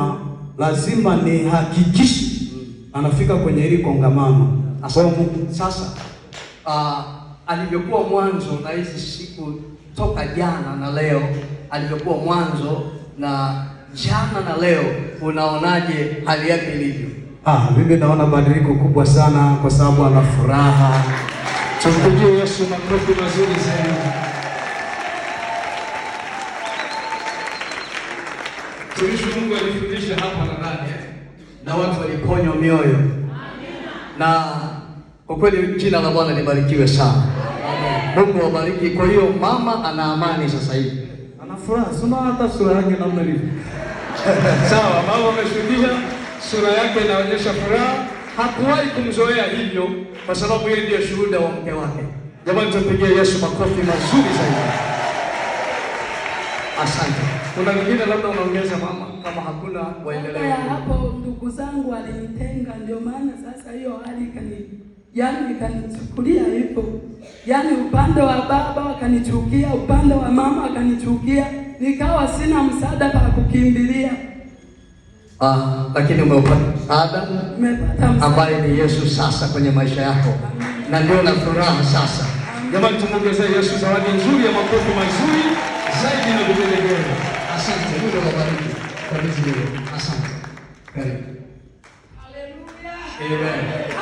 anasema lazima nihakikishe anafika kwenye hili kongamano. Sasa uh, alivyokuwa mwanzo na hizi siku toka jana na leo, alivyokuwa mwanzo na jana na leo, unaonaje hali yake ilivyo? Ah, mimi naona badiliko kubwa sana, kwa sababu ana furaha. Tumpigie Yesu makofi mazuri zaidi. Mtumishi Mungu alifundisha hapa nadhani eh? na watu waliponywa mioyo, na kwa kweli jina la Bwana libarikiwe sana. Mungu awabariki. Kwa hiyo mama ana amani sasa hivi, ana furaha, sema hata sura yake namna ilivyo sawa. Mama ameshuhudia sura yake inaonyesha furaha, hakuwahi kumzoea hivyo, kwa sababu yeye ndiye shuhuda wa mke wake. Jamani, tumpigie Yesu makofi mazuri zaidi. Asante. Kuna vingine labda unaongeza mama, kama hakuna waendelee. Hapo ndugu zangu walinitenga, ndio maana sasa hiyo hali kani, yani ikanichukulia hivyo, yani upande wa baba wakanichukia, upande wa mama wakanichukia, nikawa sina msaada pa kukimbilia. Ah, lakini umeupata msaada ambaye ni Yesu sasa kwenye maisha yako, na ndio na furaha sasa. Jamani, tumuongezee Yesu zawadi nzuri ya makofi mazuri. Kwa hiyo asante. Karibu. Amen.